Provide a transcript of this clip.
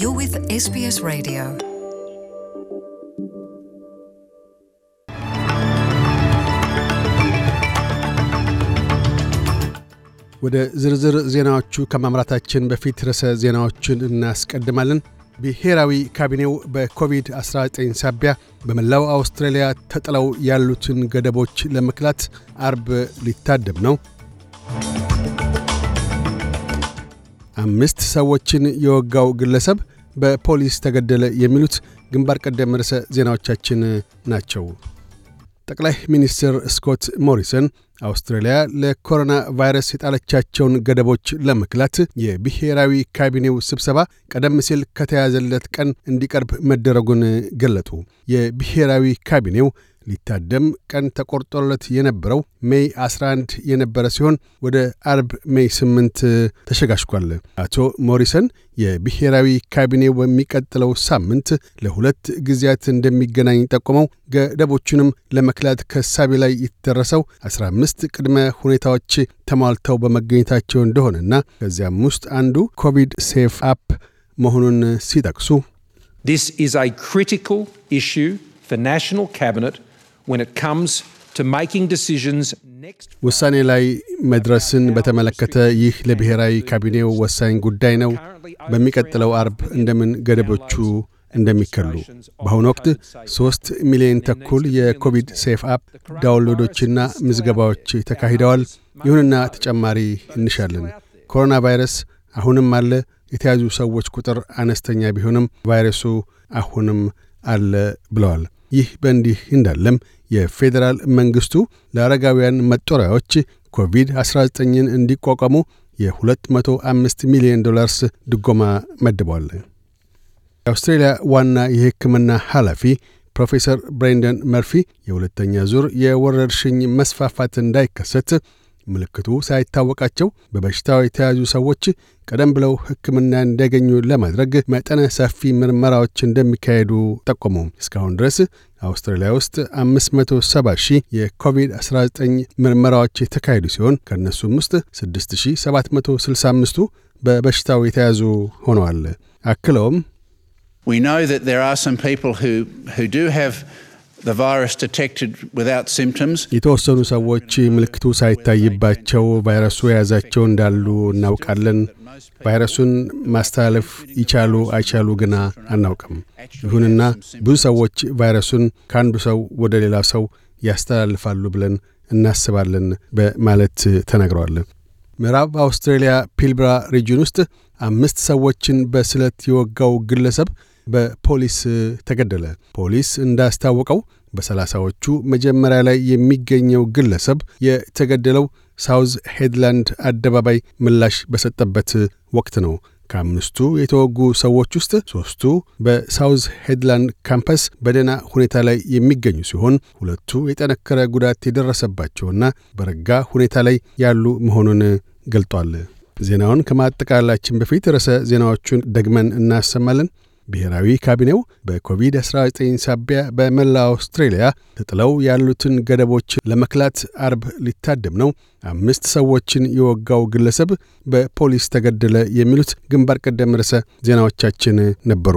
You're with SBS Radio. ወደ ዝርዝር ዜናዎቹ ከማምራታችን በፊት ርዕሰ ዜናዎችን እናስቀድማለን። ብሔራዊ ካቢኔው በኮቪድ-19 ሳቢያ በመላው አውስትራሊያ ተጥለው ያሉትን ገደቦች ለመክላት አርብ ሊታደም ነው። አምስት ሰዎችን የወጋው ግለሰብ በፖሊስ ተገደለ የሚሉት ግንባር ቀደም ርዕሰ ዜናዎቻችን ናቸው። ጠቅላይ ሚኒስትር ስኮት ሞሪሰን አውስትራሊያ ለኮሮና ቫይረስ የጣለቻቸውን ገደቦች ለመክላት የብሔራዊ ካቢኔው ስብሰባ ቀደም ሲል ከተያዘለት ቀን እንዲቀርብ መደረጉን ገለጡ። የብሔራዊ ካቢኔው ሊታደም ቀን ተቆርጦለት የነበረው ሜይ 11 የነበረ ሲሆን ወደ አርብ ሜይ 8 ተሸጋሽጓል። አቶ ሞሪሰን የብሔራዊ ካቢኔ በሚቀጥለው ሳምንት ለሁለት ጊዜያት እንደሚገናኝ ጠቁመው ገደቦቹንም ለመክላት ከሳቢ ላይ የተደረሰው 15 ቅድመ ሁኔታዎች ተሟልተው በመገኘታቸው እንደሆነና ከዚያም ውስጥ አንዱ ኮቪድ ሴፍ አፕ መሆኑን ሲጠቅሱ This is a critical issue ውሳኔ ላይ መድረስን በተመለከተ ይህ ለብሔራዊ ካቢኔው ወሳኝ ጉዳይ ነው። በሚቀጥለው አርብ እንደምን ገደቦቹ እንደሚከሉ በአሁኑ ወቅት ሦስት ሚሊዮን ተኩል የኮቪድ ሴፍ አፕ ዳውንሎዶችና ምዝገባዎች ተካሂደዋል። ይሁንና ተጨማሪ እንሻለን። ኮሮና ቫይረስ አሁንም አለ። የተያዙ ሰዎች ቁጥር አነስተኛ ቢሆንም ቫይረሱ አሁንም አለ ብለዋል። ይህ በእንዲህ እንዳለም የፌዴራል መንግሥቱ ለአረጋውያን መጦሪያዎች ኮቪድ-19ን እንዲቋቋሙ የ205 ሚሊዮን ዶላርስ ድጎማ መድቧል። የአውስትሬልያ ዋና የሕክምና ኃላፊ ፕሮፌሰር ብሬንደን መርፊ የሁለተኛ ዙር የወረርሽኝ መስፋፋት እንዳይከሰት ምልክቱ ሳይታወቃቸው በበሽታው የተያዙ ሰዎች ቀደም ብለው ሕክምና እንዲያገኙ ለማድረግ መጠነ ሰፊ ምርመራዎች እንደሚካሄዱ ጠቆሙ። እስካሁን ድረስ አውስትራሊያ ውስጥ 570 ሺህ የኮቪድ-19 ምርመራዎች የተካሄዱ ሲሆን ከእነሱም ውስጥ 6765ቱ በበሽታው የተያዙ ሆነዋል። አክለውም We know that there are some people who, who do have የተወሰኑ ሰዎች ምልክቱ ሳይታይባቸው ቫይረሱ የያዛቸው እንዳሉ እናውቃለን። ቫይረሱን ማስተላለፍ ይቻሉ አይቻሉ ግና አናውቅም። ይሁንና ብዙ ሰዎች ቫይረሱን ከአንዱ ሰው ወደ ሌላ ሰው ያስተላልፋሉ ብለን እናስባለን በማለት ተናግረዋል። ምዕራብ አውስትሬሊያ ፒልብራ ሪጅን ውስጥ አምስት ሰዎችን በስለት የወጋው ግለሰብ በፖሊስ ተገደለ። ፖሊስ እንዳስታወቀው በሰላሳዎቹ መጀመሪያ ላይ የሚገኘው ግለሰብ የተገደለው ሳውዝ ሄድላንድ አደባባይ ምላሽ በሰጠበት ወቅት ነው። ከአምስቱ የተወጉ ሰዎች ውስጥ ሦስቱ በሳውዝ ሄድላንድ ካምፐስ በደህና ሁኔታ ላይ የሚገኙ ሲሆን ሁለቱ የጠነከረ ጉዳት የደረሰባቸውና በረጋ ሁኔታ ላይ ያሉ መሆኑን ገልጧል። ዜናውን ከማጠቃላችን በፊት ርዕሰ ዜናዎቹን ደግመን እናሰማለን። ብሔራዊ ካቢኔው በኮቪድ-19 ሳቢያ በመላ አውስትሬልያ ተጥለው ያሉትን ገደቦች ለመክላት አርብ ሊታደም ነው። አምስት ሰዎችን የወጋው ግለሰብ በፖሊስ ተገደለ። የሚሉት ግንባር ቀደም ርዕሰ ዜናዎቻችን ነበሩ።